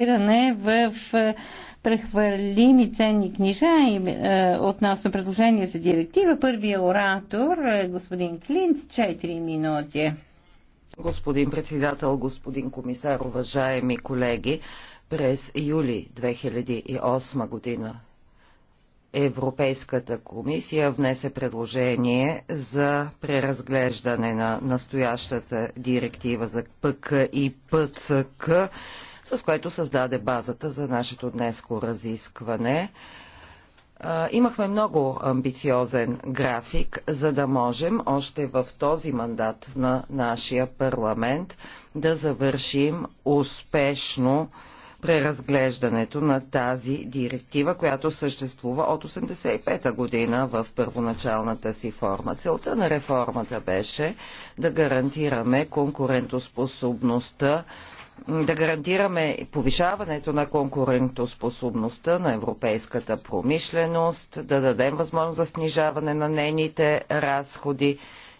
инвестиране в е, е, прехвърлими ценни книжа и, е, относно предложение за директива. Първият оратор е господин Клинц, 4 минути. Господин председател, господин комисар, уважаеми колеги, през юли 2008 година Европейската комисия внесе предложение за преразглеждане на настоящата директива за ПК и ПЦК с което създаде базата за нашето днеско разискване. Имахме много амбициозен график, за да можем още в този мандат на нашия парламент да завършим успешно преразглеждането на тази директива, която съществува от 1985-та година в първоначалната си форма. Целта на реформата беше да гарантираме конкурентоспособността да гарантираме повишаването на конкурентоспособността на европейската промишленост, да дадем възможност за снижаване на нейните разходи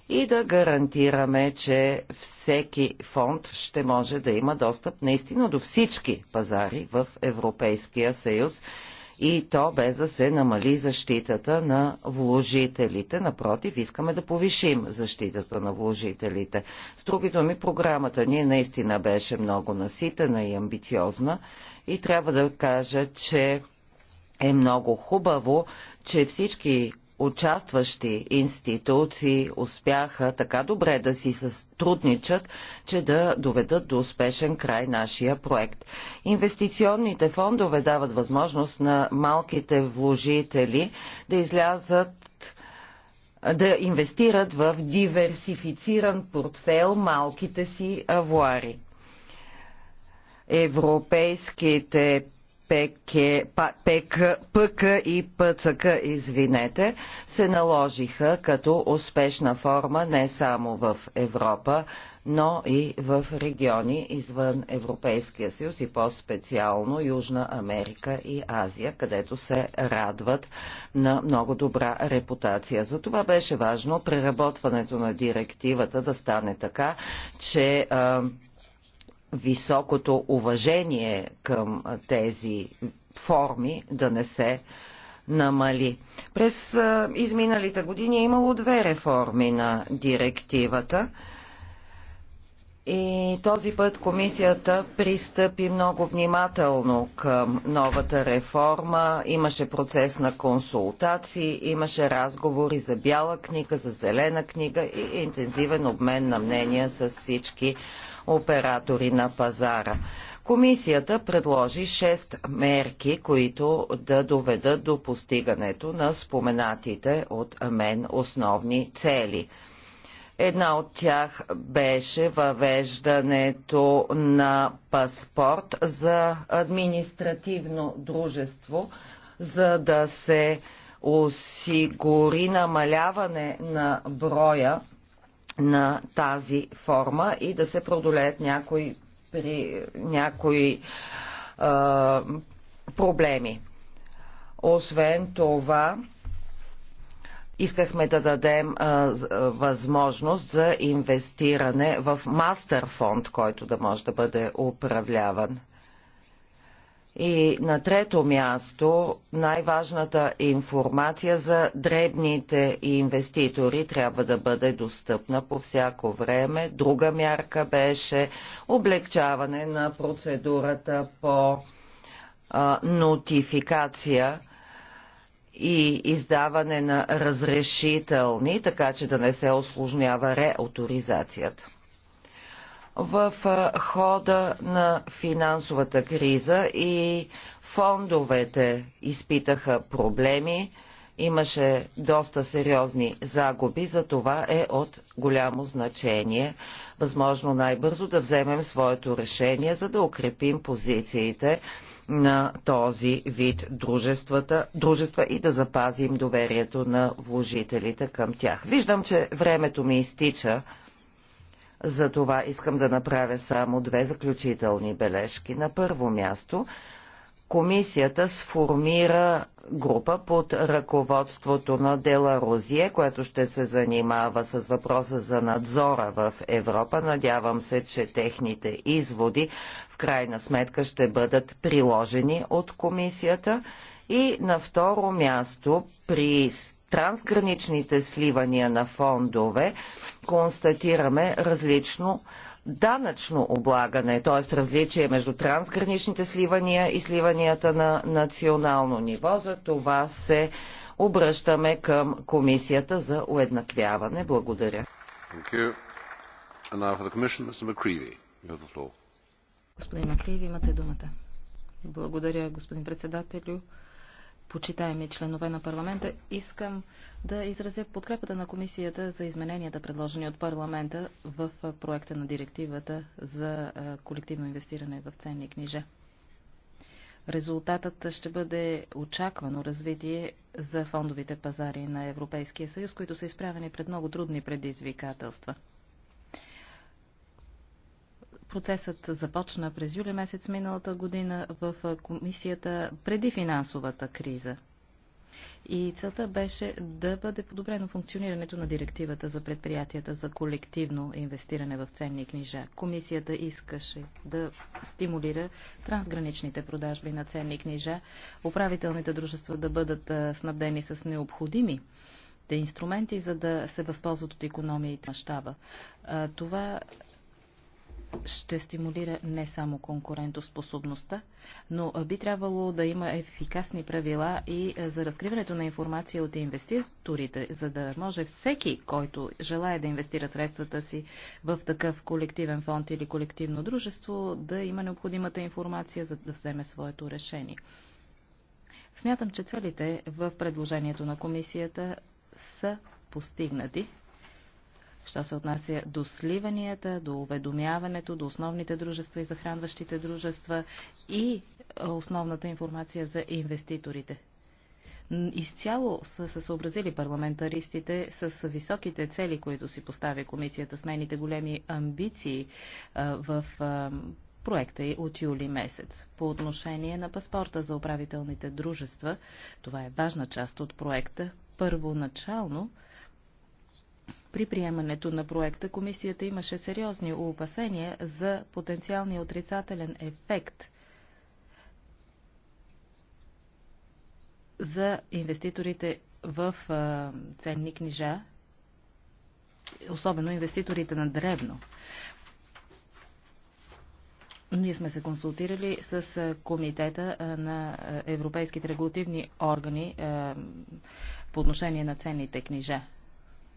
и да гарантираме, че всеки фонд ще може да има достъп наистина до всички пазари в Европейския съюз и то без да се намали защитата на вложителите. Напротив, искаме да повишим защитата на вложителите. С други думи, програмата ни наистина беше много наситена и амбициозна и трябва да кажа, че е много хубаво, че всички участващи институции успяха така добре да си сътрудничат, че да доведат до успешен край нашия проект. Инвестиционните фондове дават възможност на малките вложители да излязат да инвестират в диверсифициран портфел малките си авуари. Европейските ПК, ПК и ПЦК, извинете, се наложиха като успешна форма не само в Европа, но и в региони извън Европейския съюз и по-специално Южна Америка и Азия, където се радват на много добра репутация. За това беше важно преработването на директивата да стане така, че високото уважение към тези форми да не се намали. През изминалите години е имало две реформи на директивата. И този път комисията пристъпи много внимателно към новата реформа. Имаше процес на консултации, имаше разговори за бяла книга, за зелена книга и интензивен обмен на мнения с всички оператори на пазара. Комисията предложи 6 мерки, които да доведат до постигането на споменатите от мен основни цели. Една от тях беше въвеждането на паспорт за административно дружество, за да се осигури намаляване на броя на тази форма и да се продолеят някои, при, някои а, проблеми. Освен това, искахме да дадем а, възможност за инвестиране в мастер фонд, който да може да бъде управляван. И на трето място, най-важната информация за дребните инвеститори трябва да бъде достъпна по всяко време. Друга мярка беше облегчаване на процедурата по а, нотификация и издаване на разрешителни, така че да не се осложнява реауторизацията в хода на финансовата криза и фондовете изпитаха проблеми, имаше доста сериозни загуби, за това е от голямо значение възможно най-бързо да вземем своето решение, за да укрепим позициите на този вид дружествата, дружества и да запазим доверието на вложителите към тях. Виждам, че времето ми изтича. За това искам да направя само две заключителни бележки. На първо място, комисията сформира група под ръководството на Дела Розие, което ще се занимава с въпроса за надзора в Европа. Надявам се, че техните изводи в крайна сметка ще бъдат приложени от комисията. И на второ място, при трансграничните сливания на фондове констатираме различно данъчно облагане, т.е. различие между трансграничните сливания и сливанията на национално ниво. За това се обръщаме към Комисията за уеднаквяване. Благодаря. Господин Макриви, имате думата. Благодаря, господин председателю почитаеми членове на парламента, искам да изразя подкрепата на комисията за измененията, предложени от парламента в проекта на директивата за колективно инвестиране в ценни книжа. Резултатът ще бъде очаквано развитие за фондовите пазари на Европейския съюз, които са изправени пред много трудни предизвикателства – Процесът започна през юли месец миналата година в комисията преди финансовата криза. И целта беше да бъде подобрено функционирането на директивата за предприятията за колективно инвестиране в ценни книжа. Комисията искаше да стимулира трансграничните продажби на ценни книжа, управителните дружества да бъдат снабдени с необходими инструменти, за да се възползват от и мащаба. Това ще стимулира не само конкурентоспособността, но би трябвало да има ефикасни правила и е, за разкриването на информация от инвеститорите, за да може всеки, който желая да инвестира средствата си в такъв колективен фонд или колективно дружество, да има необходимата информация, за да вземе своето решение. Смятам, че целите в предложението на комисията са постигнати що се отнася до сливанията, до уведомяването, до основните дружества и захранващите дружества и е, основната информация за инвеститорите. Изцяло са се съобразили парламентаристите с високите цели, които си поставя комисията, с нейните големи амбиции е, в е, проекта и от юли месец. По отношение на паспорта за управителните дружества, това е важна част от проекта. Първоначално при приемането на проекта комисията имаше сериозни опасения за потенциалния отрицателен ефект за инвеститорите в ценни книжа, особено инвеститорите на древно. Ние сме се консултирали с Комитета на европейските регулативни органи по отношение на ценните книжа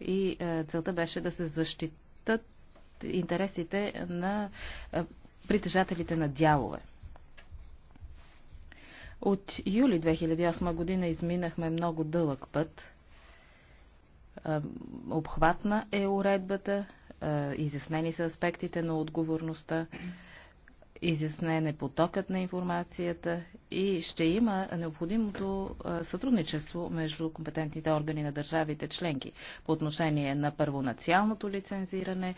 и е, целта беше да се защитат интересите на е, притежателите на дялове. От юли 2008 година изминахме много дълъг път. Е, обхватна е уредбата, изяснени са аспектите на отговорността изяснен е потокът на информацията и ще има необходимото сътрудничество между компетентните органи на държавите членки по отношение на първоначалното лицензиране,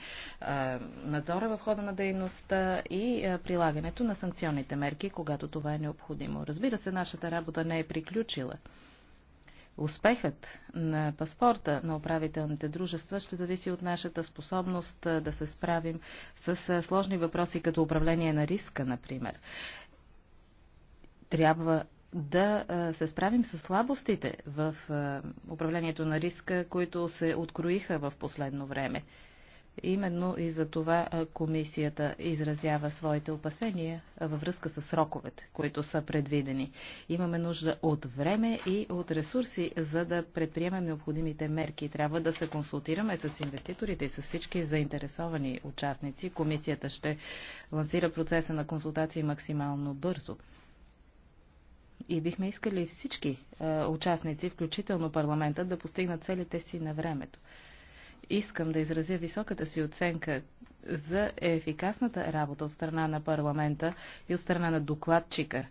надзора в хода на дейността и прилагането на санкционните мерки, когато това е необходимо. Разбира се, нашата работа не е приключила. Успехът на паспорта на управителните дружества ще зависи от нашата способност да се справим с сложни въпроси, като управление на риска, например. Трябва да се справим с слабостите в управлението на риска, които се откроиха в последно време. Именно и за това комисията изразява своите опасения във връзка с сроковете, които са предвидени. Имаме нужда от време и от ресурси, за да предприемем необходимите мерки. Трябва да се консултираме с инвеститорите и с всички заинтересовани участници. Комисията ще лансира процеса на консултации максимално бързо и бихме искали всички участници, включително парламента, да постигнат целите си на времето искам да изразя високата си оценка за ефикасната работа от страна на парламента и от страна на докладчика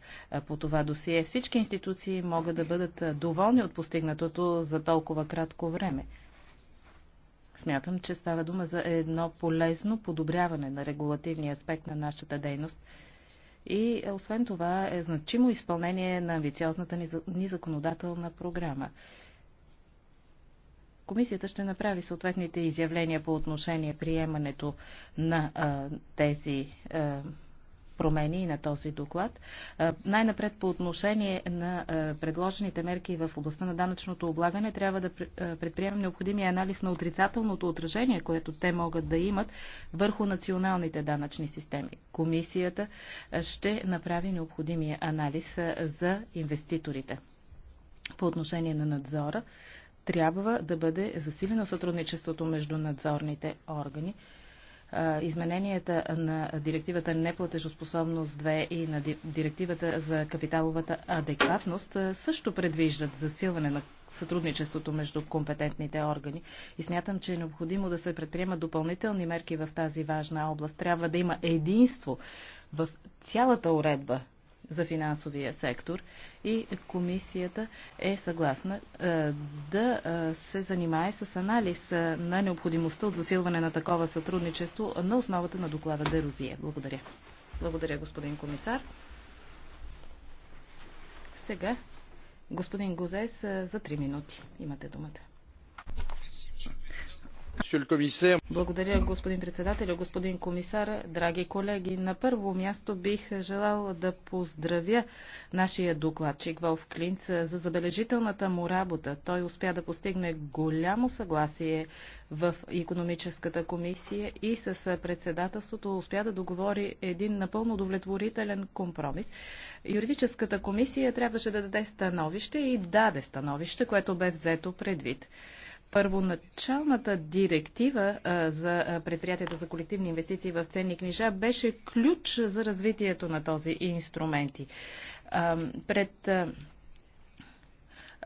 по това досие. Всички институции могат да бъдат доволни от постигнатото за толкова кратко време. Смятам, че става дума за едно полезно подобряване на регулативния аспект на нашата дейност и освен това е значимо изпълнение на амбициозната ни законодателна програма. Комисията ще направи съответните изявления по отношение приемането на а, тези а, промени и на този доклад. Най-напред по отношение на предложените мерки в областта на данъчното облагане трябва да предприемем необходимия анализ на отрицателното отражение, което те могат да имат върху националните данъчни системи. Комисията ще направи необходимия анализ за инвеститорите. По отношение на надзора, трябва да бъде засилено сътрудничеството между надзорните органи. Измененията на директивата неплатежоспособност 2 и на директивата за капиталовата адекватност също предвиждат засилване на сътрудничеството между компетентните органи и смятам, че е необходимо да се предприемат допълнителни мерки в тази важна област. Трябва да има единство в цялата уредба за финансовия сектор и комисията е съгласна е, да е, се занимае с анализ е, на необходимостта от засилване на такова сътрудничество на основата на доклада Дерозия. Благодаря. Благодаря, господин комисар. Сега господин Гозес за 3 минути. Имате думата. Благодаря, господин председател, господин комисар, драги колеги. На първо място бих желал да поздравя нашия докладчик Волф Клинц за забележителната му работа. Той успя да постигне голямо съгласие в економическата комисия и с председателството успя да договори един напълно удовлетворителен компромис. Юридическата комисия трябваше да даде становище и даде становище, което бе взето предвид. Първоначалната директива за предприятията за колективни инвестиции в ценни книжа беше ключ за развитието на този инструмент. Пред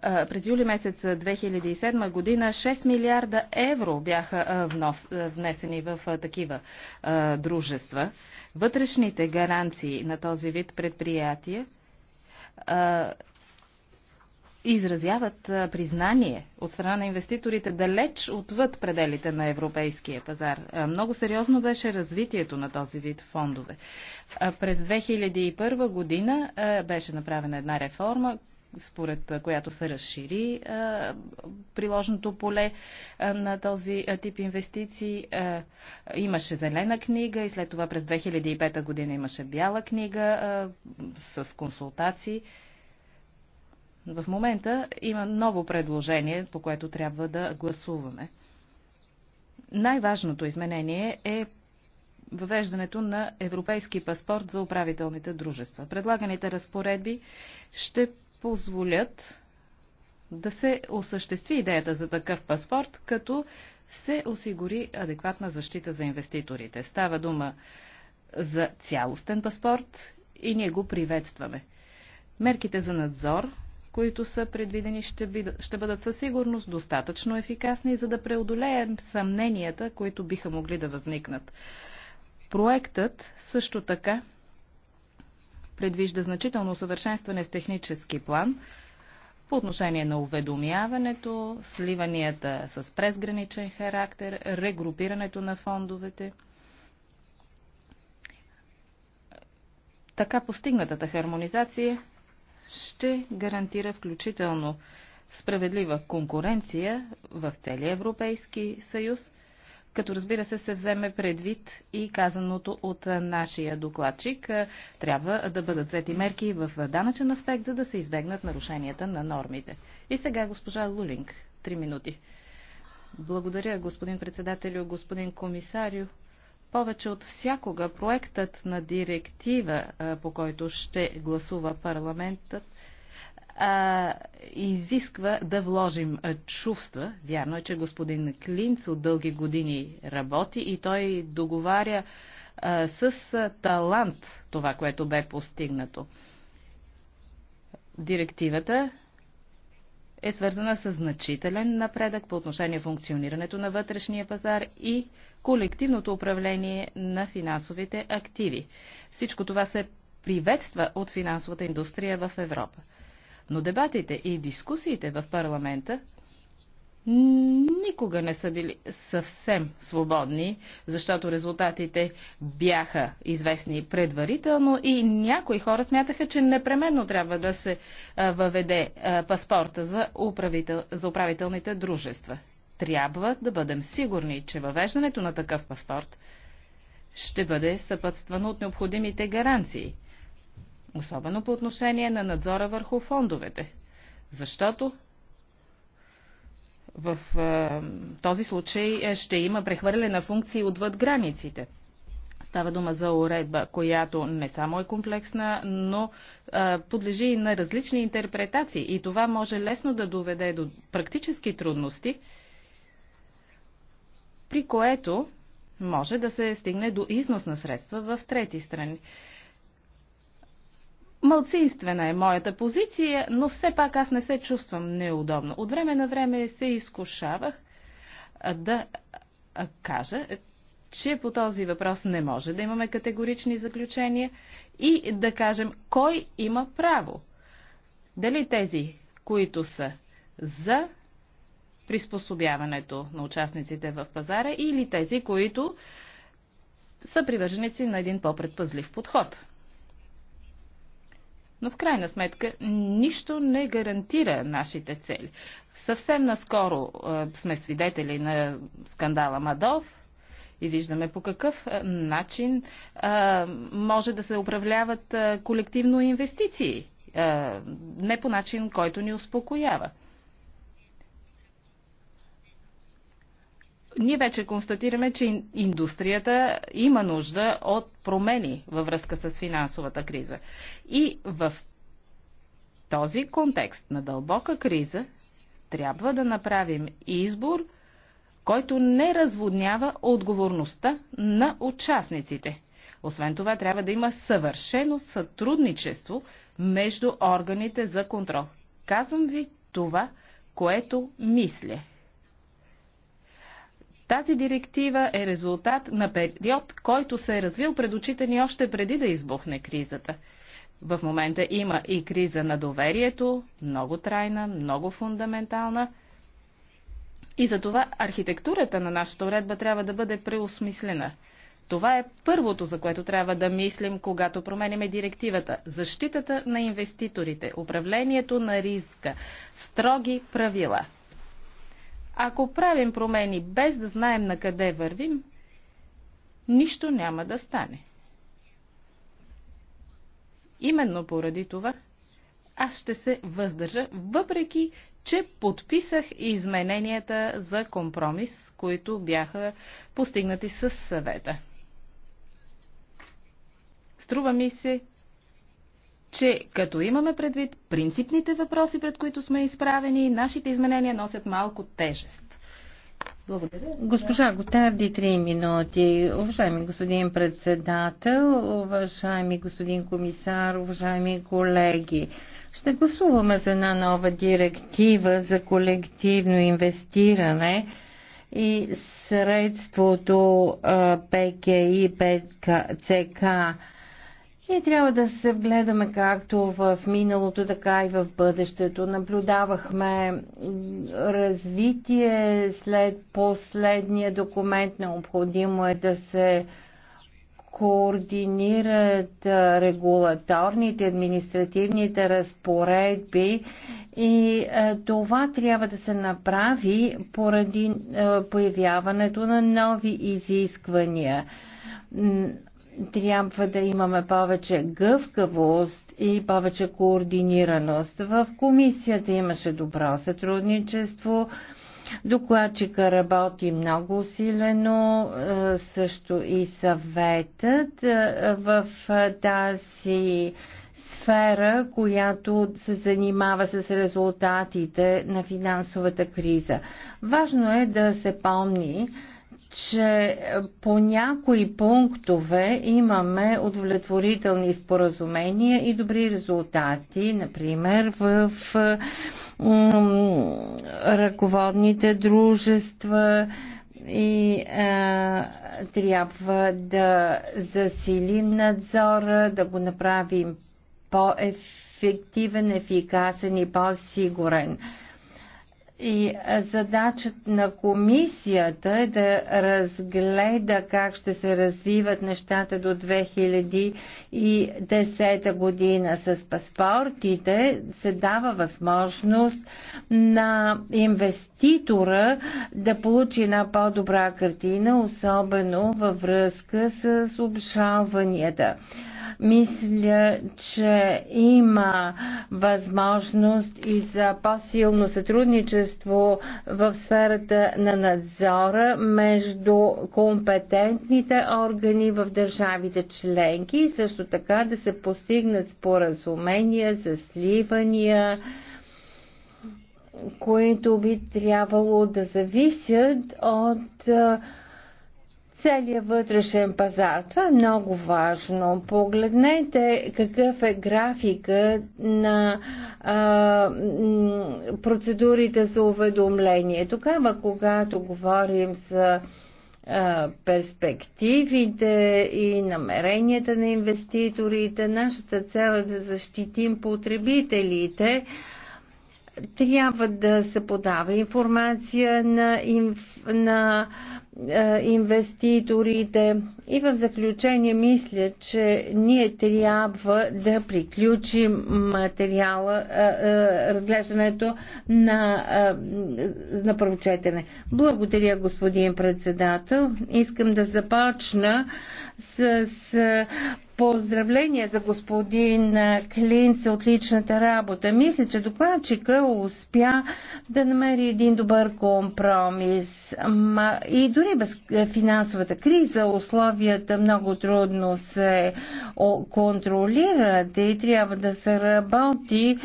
през юли месец 2007 година 6 милиарда евро бяха внос, внесени в такива дружества. Вътрешните гаранции на този вид предприятия изразяват признание от страна на инвеститорите далеч отвъд пределите на европейския пазар. Много сериозно беше развитието на този вид фондове. През 2001 година беше направена една реформа, според която се разшири приложното поле на този тип инвестиции. Имаше зелена книга и след това през 2005 година имаше бяла книга с консултации в момента има ново предложение, по което трябва да гласуваме. Най-важното изменение е въвеждането на европейски паспорт за управителните дружества. Предлаганите разпоредби ще позволят да се осъществи идеята за такъв паспорт, като се осигури адекватна защита за инвеститорите. Става дума за цялостен паспорт и ние го приветстваме. Мерките за надзор които са предвидени, ще, би, ще бъдат със сигурност достатъчно ефикасни, за да преодолеем съмненията, които биха могли да възникнат. Проектът също така предвижда значително усъвършенстване в технически план по отношение на уведомяването, сливанията с презграничен характер, регрупирането на фондовете. Така постигнатата хармонизация ще гарантира включително справедлива конкуренция в целия Европейски съюз, като разбира се се вземе предвид и казаното от нашия докладчик. Трябва да бъдат взети мерки в данъчен аспект, за да се избегнат нарушенията на нормите. И сега госпожа Лулинг. Три минути. Благодаря, господин председателю, господин комисарю. Повече от всякога проектът на директива, по който ще гласува парламентът, изисква да вложим чувства. Вярно е, че господин Клинц от дълги години работи и той договаря с талант това, което бе постигнато. Директивата е свързана с значителен напредък по отношение функционирането на вътрешния пазар и колективното управление на финансовите активи. Всичко това се приветства от финансовата индустрия в Европа. Но дебатите и дискусиите в парламента никога не са били съвсем свободни, защото резултатите бяха известни предварително и някои хора смятаха, че непременно трябва да се въведе паспорта за, управител, за управителните дружества. Трябва да бъдем сигурни, че въвеждането на такъв паспорт ще бъде съпътствано от необходимите гаранции, особено по отношение на надзора върху фондовете, защото в е, този случай е, ще има прехвърляне на функции отвъд границите. Става дума за уредба, която не само е комплексна, но а, е, подлежи и на различни интерпретации. И това може лесно да доведе до практически трудности, при което може да се стигне до износ на средства в трети страни. Малцинствена е моята позиция, но все пак аз не се чувствам неудобно. От време на време се изкушавах да кажа, че по този въпрос не може да имаме категорични заключения и да кажем кой има право. Дали тези, които са за приспособяването на участниците в пазара или тези, които са привърженици на един по-предпазлив подход. Но в крайна сметка нищо не гарантира нашите цели. Съвсем наскоро е, сме свидетели на скандала Мадов и виждаме по какъв е, начин е, може да се управляват е, колективно инвестиции. Е, не по начин, който ни успокоява. ние вече констатираме, че индустрията има нужда от промени във връзка с финансовата криза. И в този контекст на дълбока криза трябва да направим избор, който не разводнява отговорността на участниците. Освен това, трябва да има съвършено сътрудничество между органите за контрол. Казвам ви това, което мисля. Тази директива е резултат на период, който се е развил пред очите ни още преди да избухне кризата. В момента има и криза на доверието, много трайна, много фундаментална. И за това архитектурата на нашата уредба трябва да бъде преосмислена. Това е първото, за което трябва да мислим, когато променяме директивата. Защитата на инвеститорите, управлението на риска, строги правила – ако правим промени без да знаем на къде вървим, нищо няма да стане. Именно поради това аз ще се въздържа, въпреки че подписах измененията за компромис, които бяха постигнати с съвета. Струва ми се, че като имаме предвид принципните въпроси, пред които сме изправени, нашите изменения носят малко тежест. Благодаря. Госпожа Готарди, три минути. Уважаеми господин председател, уважаеми господин комисар, уважаеми колеги. Ще гласуваме за една нова директива за колективно инвестиране и средството ПКИ, ПЦК. Ние трябва да се вгледаме както в миналото, така и в бъдещето. Наблюдавахме развитие след последния документ. Необходимо е да се координират регулаторните, административните разпоредби и това трябва да се направи поради появяването на нови изисквания трябва да имаме повече гъвкавост и повече координираност. В комисията имаше добро сътрудничество. Докладчика работи много усилено, е, също и съветът е, в тази сфера, която се занимава с резултатите на финансовата криза. Важно е да се помни, че е, по някои пунктове имаме удовлетворителни споразумения и добри резултати, например в е, ръководните дружества и е, трябва да засилим надзора, да го направим по-ефективен, ефикасен и по-сигурен. И задачата на комисията е да разгледа как ще се развиват нещата до 2010 година. С паспортите се дава възможност на инвеститора да получи една по-добра картина, особено във връзка с обжалванията. Мисля, че има възможност и за по-силно сътрудничество в сферата на надзора между компетентните органи в държавите членки и също така да се постигнат споразумения за сливания които би трябвало да зависят от целият вътрешен пазар. Това е много важно. Погледнете какъв е графика на а, процедурите за уведомление. Тогава, когато говорим за а, перспективите и намеренията на инвеститорите, нашата цел е да защитим потребителите трябва да се подава информация на, инф... на е, инвеститорите. И в заключение мисля, че ние трябва да приключим материала, е, е, разглеждането на, е, на първочетене. Благодаря, господин председател. Искам да започна с, с поздравления за господин Клинц за отличната работа. Мисля, че докладчика успя да намери един добър компромис. И дори без финансовата криза условията много трудно се контролират и трябва да се работи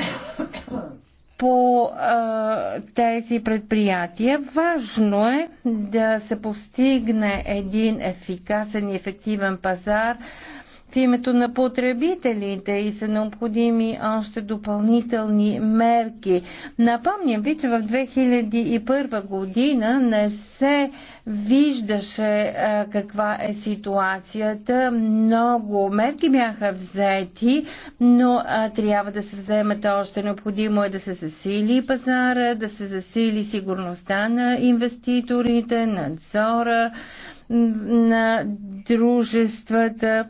по а, тези предприятия. Важно е да се постигне един ефикасен и ефективен пазар в името на потребителите и са необходими още допълнителни мерки. Напомням ви, че в 2001 година не се виждаше а, е, каква е ситуацията. Много мерки бяха взети, но а, е, трябва да се вземат още. Необходимо е да се засили пазара, да се засили сигурността на инвеститорите, надзора на дружествата.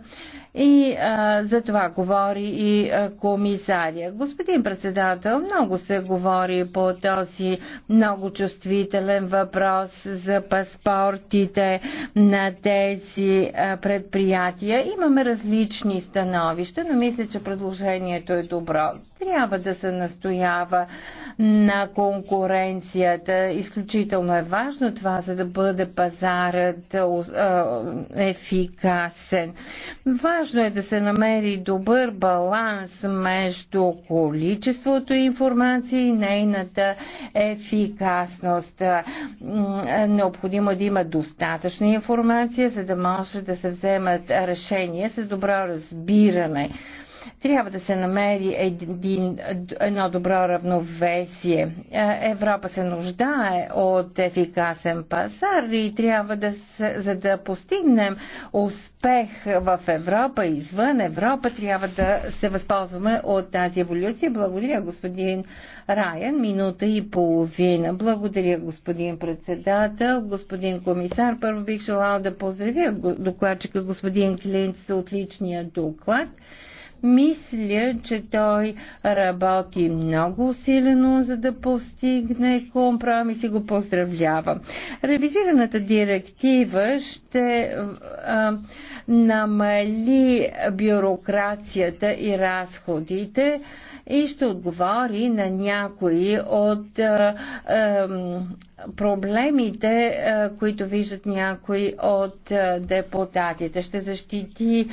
И а, за това говори и а, комисария. Господин председател, много се говори по този много чувствителен въпрос за паспортите на тези а, предприятия. Имаме различни становища, но мисля, че предложението е добро. Трябва да се настоява на конкуренцията. Изключително е важно това, за да бъде пазарът ефикасен. Важно е да се намери добър баланс между количеството информация и нейната ефикасност. Необходимо е да има достатъчна информация, за да може да се вземат решения с добро разбиране трябва да се намери един, едно добро равновесие. Е, Европа се нуждае от ефикасен пазар и трябва да, се, за да постигнем успех в Европа и извън Европа, трябва да се възползваме от тази еволюция. Благодаря, господин Райан. Минута и половина. Благодаря, господин председател, господин комисар. Първо бих желал да поздравя докладчика господин Клинц от отличния доклад. Мисля, че той работи много усилено, за да постигне компромис и го поздравлявам. Ревизираната директива ще а, намали бюрокрацията и разходите и ще отговори на някои от е, е, проблемите, е, които виждат някои от е, депутатите. Ще защити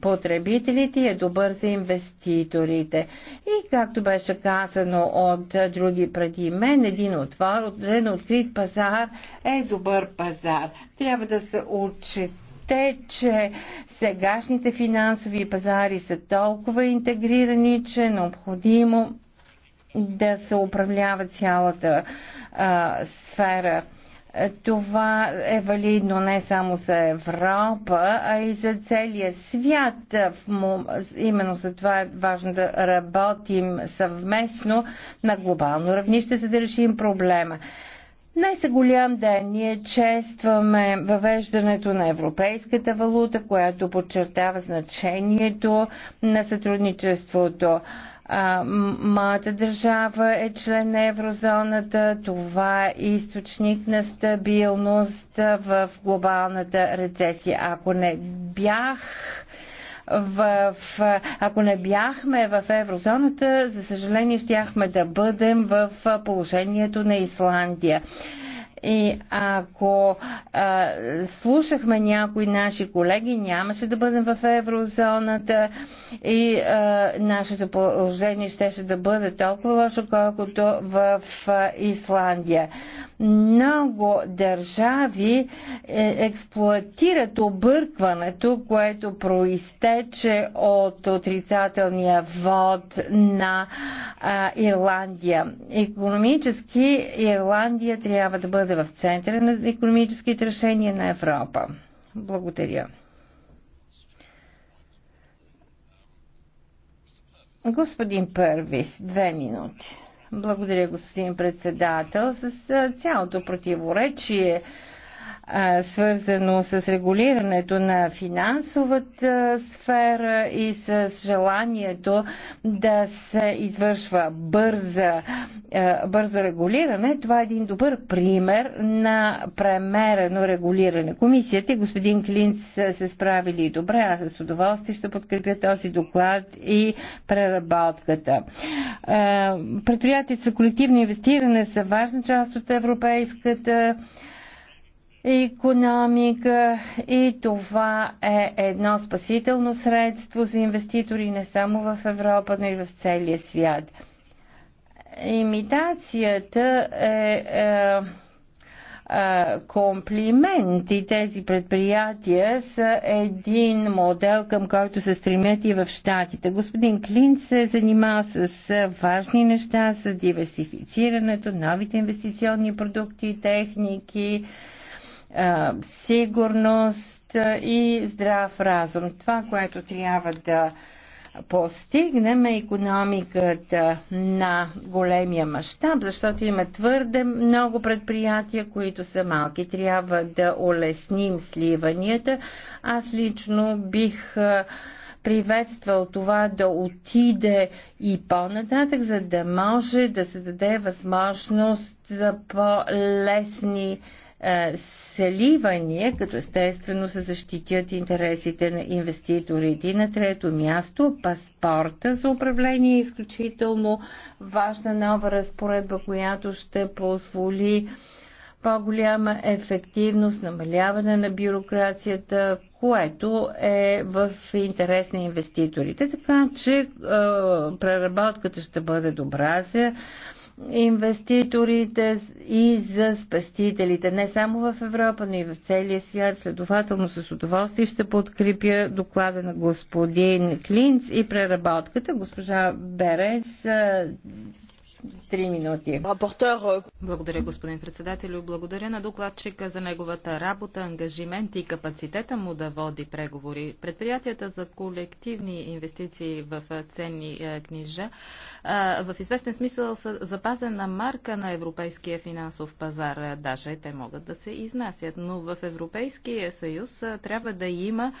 потребителите и е добър за инвеститорите. И както беше казано от е, други преди мен, един отрен открит пазар е добър пазар. Трябва да се отчете те, че сегашните финансови пазари са толкова интегрирани, че е необходимо да се управлява цялата а, сфера. Това е валидно не само за Европа, а и за целия свят. Именно за това е важно да работим съвместно на глобално равнище, за да решим проблема. Днес е голям ден. Ние честваме въвеждането на европейската валута, която подчертава значението на сътрудничеството. моята държава е член на еврозоната. Това е източник на стабилност в глобалната рецесия. Ако не бях в, ако не бяхме в еврозоната, за съжаление щяхме да бъдем в положението на Исландия. И ако а, слушахме някои наши колеги, нямаше да бъдем в еврозоната и а, нашето положение щеше да бъде толкова лошо, колкото в Исландия много държави е, експлуатират объркването, което проистече от отрицателния вод на а, Ирландия. Економически Ирландия трябва да бъде в центъра на економическите решения на Европа. Благодаря. Господин Първис, две минути. Благодаря, господин председател. С цялото противоречие свързано с регулирането на финансовата сфера и с желанието да се извършва бърза, бързо регулиране. Това е един добър пример на премерено регулиране. Комисията и господин Клинц са се справили добре. Аз с удоволствие ще подкрепя този доклад и преработката. Предприятията за колективно инвестиране са важна част от европейската економика и това е едно спасително средство за инвеститори не само в Европа, но и в целия свят. Имитацията е, е, е комплимент и тези предприятия са един модел, към който се стремят и в Штатите. Господин Клин се занимава с важни неща, с диверсифицирането, новите инвестиционни продукти и техники, сигурност и здрав разум. Това, което трябва да постигнем е економиката на големия мащаб, защото има твърде много предприятия, които са малки. Трябва да улесним сливанията. Аз лично бих приветствал това да отиде и по-нататък, за да може да се даде възможност за по-лесни е, сливания, като естествено се защитят интересите на инвеститорите. И на трето място, паспорта за управление е изключително важна нова разпоредба, която ще позволи по-голяма ефективност, намаляване на бюрокрацията, което е в интерес на инвеститорите. Така че е, преработката ще бъде добра за инвеститорите и за спестителите, не само в Европа, но и в целия свят. Следователно с удоволствие ще подкрепя доклада на господин Клинц и преработката. Госпожа Берес Три минути. Е. Благодаря, господин председателю. Благодаря на докладчика за неговата работа, ангажимент и капацитета му да води преговори. Предприятията за колективни инвестиции в е, ценни е, книжа в известен смисъл са запазена марка на европейския финансов пазар. Даже те могат да се изнасят, но в Европейския съюз трябва да има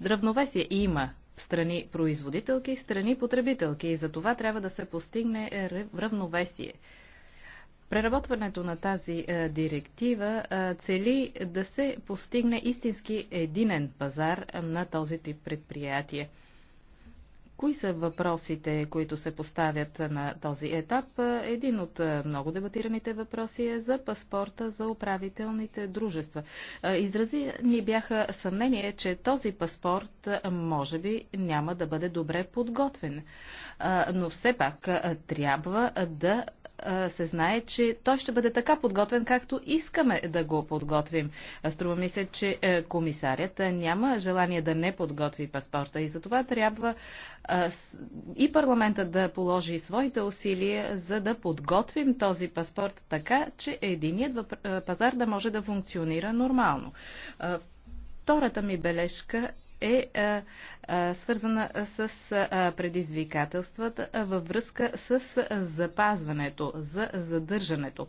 дравновесие. Има страни производителки и страни потребителки и за това трябва да се постигне равновесие. Преработването на тази е, директива е, цели да се постигне истински единен пазар на този тип предприятия. Кои са въпросите, които се поставят на този етап? Един от е, много дебатираните въпроси е за паспорта за управителните дружества. Е, Изрази ни бяха съмнение, че този паспорт е, може би няма да бъде добре подготвен. Но все пак трябва да се знае, че той ще бъде така подготвен, както искаме да го подготвим. Струва ми се, че е, комисарят няма желание да не подготви паспорта и затова трябва и парламента да положи своите усилия, за да подготвим този паспорт така, че единият пазар да може да функционира нормално. Втората ми бележка е свързана с предизвикателствата във връзка с запазването, за задържането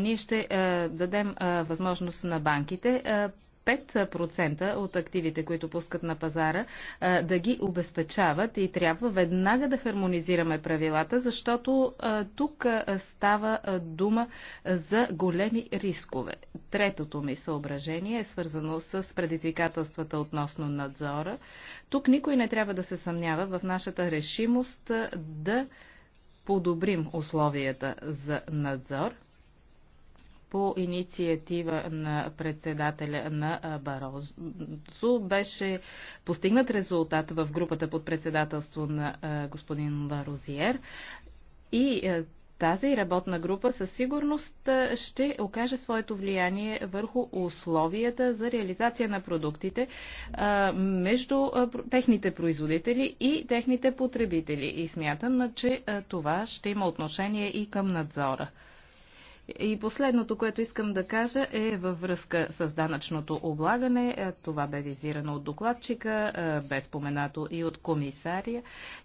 ние ще дадем възможност на банките 5% от активите, които пускат на пазара, да ги обезпечават и трябва веднага да хармонизираме правилата, защото тук става дума за големи рискове. Третото ми съображение е свързано с предизвикателствата относно надзора. Тук никой не трябва да се съмнява в нашата решимост да подобрим условията за надзор – по инициатива на председателя на Барозо беше постигнат резултат в групата под председателство на господин Барозиер. и тази работна група със сигурност ще окаже своето влияние върху условията за реализация на продуктите между техните производители и техните потребители. И смятам, че това ще има отношение и към надзора. И последното, което искам да кажа е във връзка с данъчното облагане. Е, това бе визирано от докладчика, е, бе споменато и от комисария.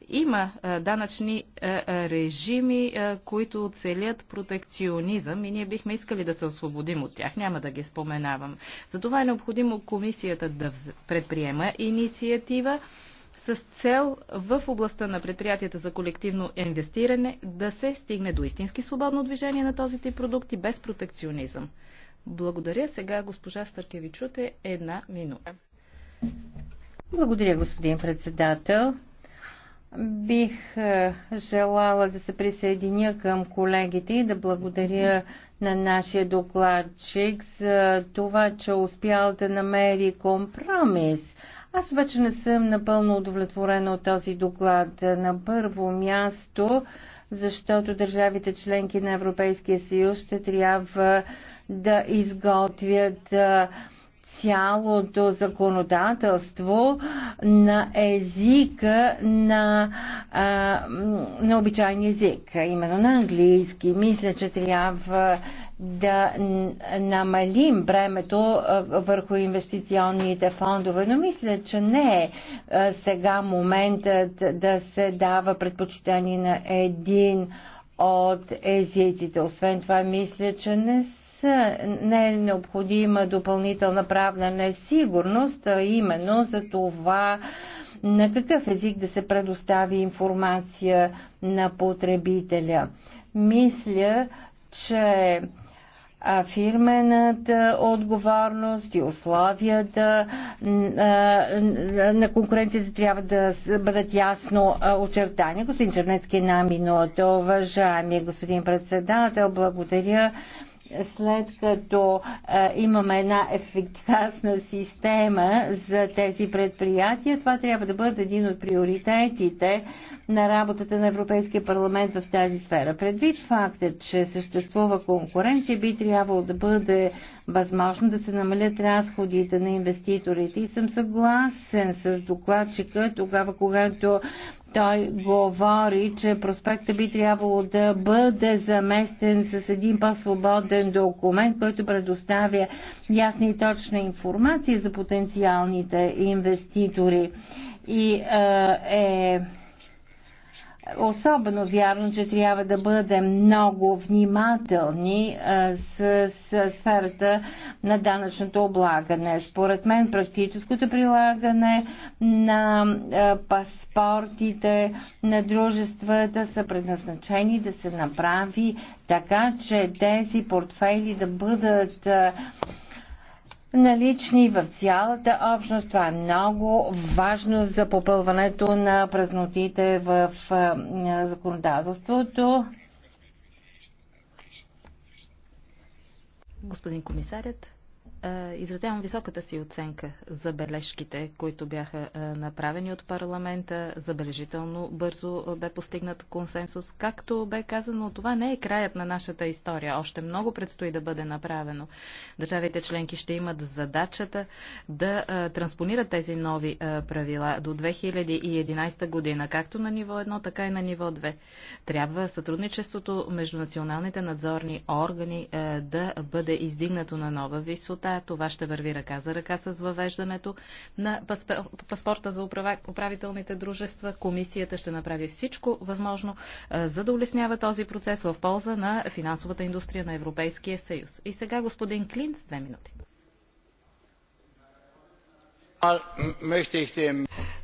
Има е, данъчни режими, които целят протекционизъм и ние бихме искали да се освободим от тях. Няма да ги споменавам. Затова е необходимо комисията да предприема инициатива с цел в областта на предприятията за колективно инвестиране да се стигне до истински свободно движение на този тип продукти без протекционизъм. Благодаря. Сега госпожа Старкевичуте една минута. Благодаря, господин председател. Бих е, желала да се присъединя към колегите и да благодаря на нашия докладчик за това, че успял да намери компромис аз обаче не съм напълно удовлетворена от този доклад. На първо място, защото държавите членки на Европейския съюз ще трябва да изготвят цялото законодателство на езика на, а, на обичайния език, именно на английски. Мисля, че трябва да намалим бремето върху инвестиционните фондове, но мисля, че не е сега моментът да се дава предпочитание на един от езиците. Освен това, мисля, че не са, не е необходима допълнителна правна несигурност, а именно за това на какъв език да се предостави информация на потребителя. Мисля, че а фирмената отговорност и условията на конкуренцията трябва да бъдат ясно очертани. Господин Чернецки, една минута. Уважаеми господин председател, благодаря след като е, имаме една ефикасна система за тези предприятия, това трябва да бъде един от приоритетите на работата на Европейския парламент в тази сфера. Предвид факта, че съществува конкуренция, би трябвало да бъде възможно да се намалят разходите на инвеститорите. И съм съгласен с докладчика тогава, когато той говори, че проспекта би трябвало да бъде заместен с един по-свободен документ, който предоставя ясна и точна информация за потенциалните инвеститори. И е, е Особено вярно, че трябва да бъдем много внимателни с, с сферата на данъчното облагане. Според мен практическото прилагане на паспортите на дружествата са предназначени да се направи така, че тези портфели да бъдат налични в цялата общност. Това е много важно за попълването на празнотите в законодателството. Господин комисарят, е, изразявам високата си оценка за бележките, които бяха е, направени от парламента. Забележително бързо е, бе постигнат консенсус. Както бе казано, това не е краят на нашата история. Още много предстои да бъде направено. Държавите членки ще имат задачата да транспонират тези нови правила до 2011 година, както на ниво 1, така и на ниво 2. Трябва сътрудничеството между националните надзорни органи да бъде издигнато на нова висота това ще върви ръка за ръка с въвеждането на паспорта за управителните дружества. Комисията ще направи всичко възможно, за да улеснява този процес в полза на финансовата индустрия на Европейския съюз. И сега господин Клинц, две минути.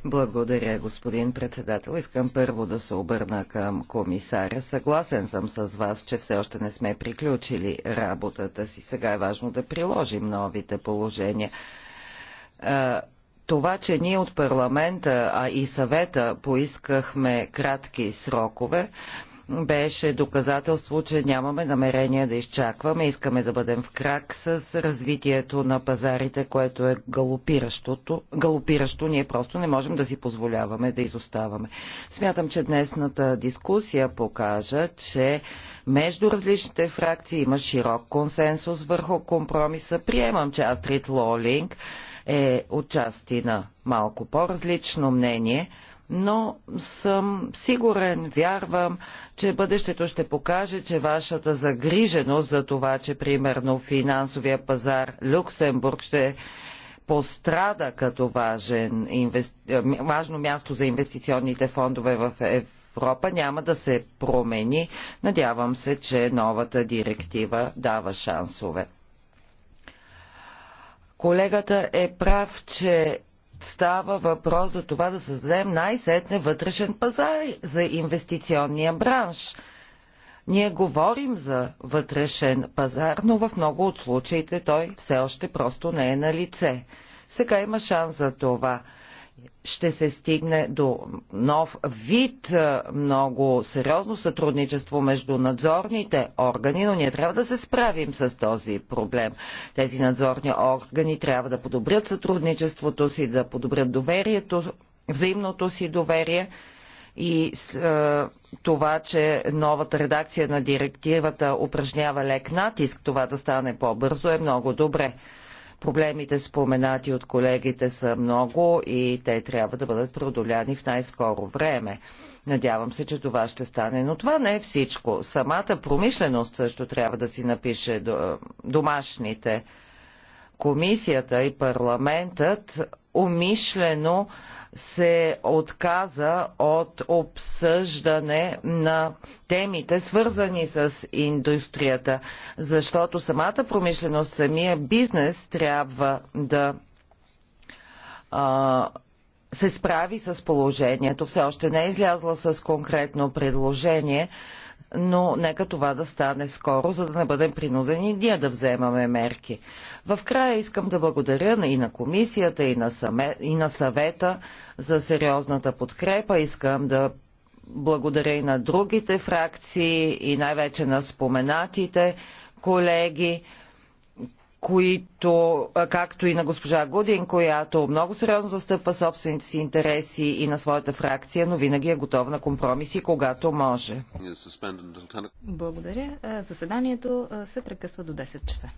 Благодаря, господин председател. Искам първо да се обърна към комисаря. Съгласен съм с вас, че все още не сме приключили работата си. Сега е важно да приложим новите положения това, че ние от парламента, а и съвета поискахме кратки срокове, беше доказателство, че нямаме намерение да изчакваме. Искаме да бъдем в крак с развитието на пазарите, което е галопиращото. галопиращо. Ние просто не можем да си позволяваме да изоставаме. Смятам, че днесната дискусия покажа, че между различните фракции има широк консенсус върху компромиса. Приемам, че Астрид Лолинг е отчасти на малко по-различно мнение – но съм сигурен, вярвам, че бъдещето ще покаже, че вашата загриженост за това, че примерно финансовия пазар Люксембург ще пострада като важен, важно място за инвестиционните фондове в Европа, няма да се промени. Надявам се, че новата директива дава шансове. Колегата е прав, че става въпрос за това да създадем най-сетне вътрешен пазар за инвестиционния бранш. Ние говорим за вътрешен пазар, но в много от случаите той все още просто не е на лице. Сега има шанс за това ще се стигне до нов вид е, много сериозно сътрудничество между надзорните органи, но ние трябва да се справим с този проблем. Тези надзорни органи трябва да подобрят сътрудничеството си, да подобрят доверието, взаимното си доверие и е, това, че новата редакция на директивата упражнява лек натиск, това да стане по-бързо е много добре. Проблемите споменати от колегите са много и те трябва да бъдат продоляни в най-скоро време. Надявам се, че това ще стане. Но това не е всичко. Самата промишленост също трябва да си напише домашните комисията и парламентът умишлено се отказа от обсъждане на темите, свързани с индустрията, защото самата промишленост, самия бизнес трябва да а, се справи с положението. Все още не е излязла с конкретно предложение, но нека това да стане скоро, за да не бъдем принудени ние да вземаме мерки. В края искам да благодаря и на комисията, и на, саме, и на съвета за сериозната подкрепа. Искам да благодаря и на другите фракции, и най-вече на споменатите колеги които, както и на госпожа Гудин, която много сериозно застъпва собствените си интереси и на своята фракция, но винаги е готова на компромиси, когато може. Благодаря. Заседанието се прекъсва до 10 часа.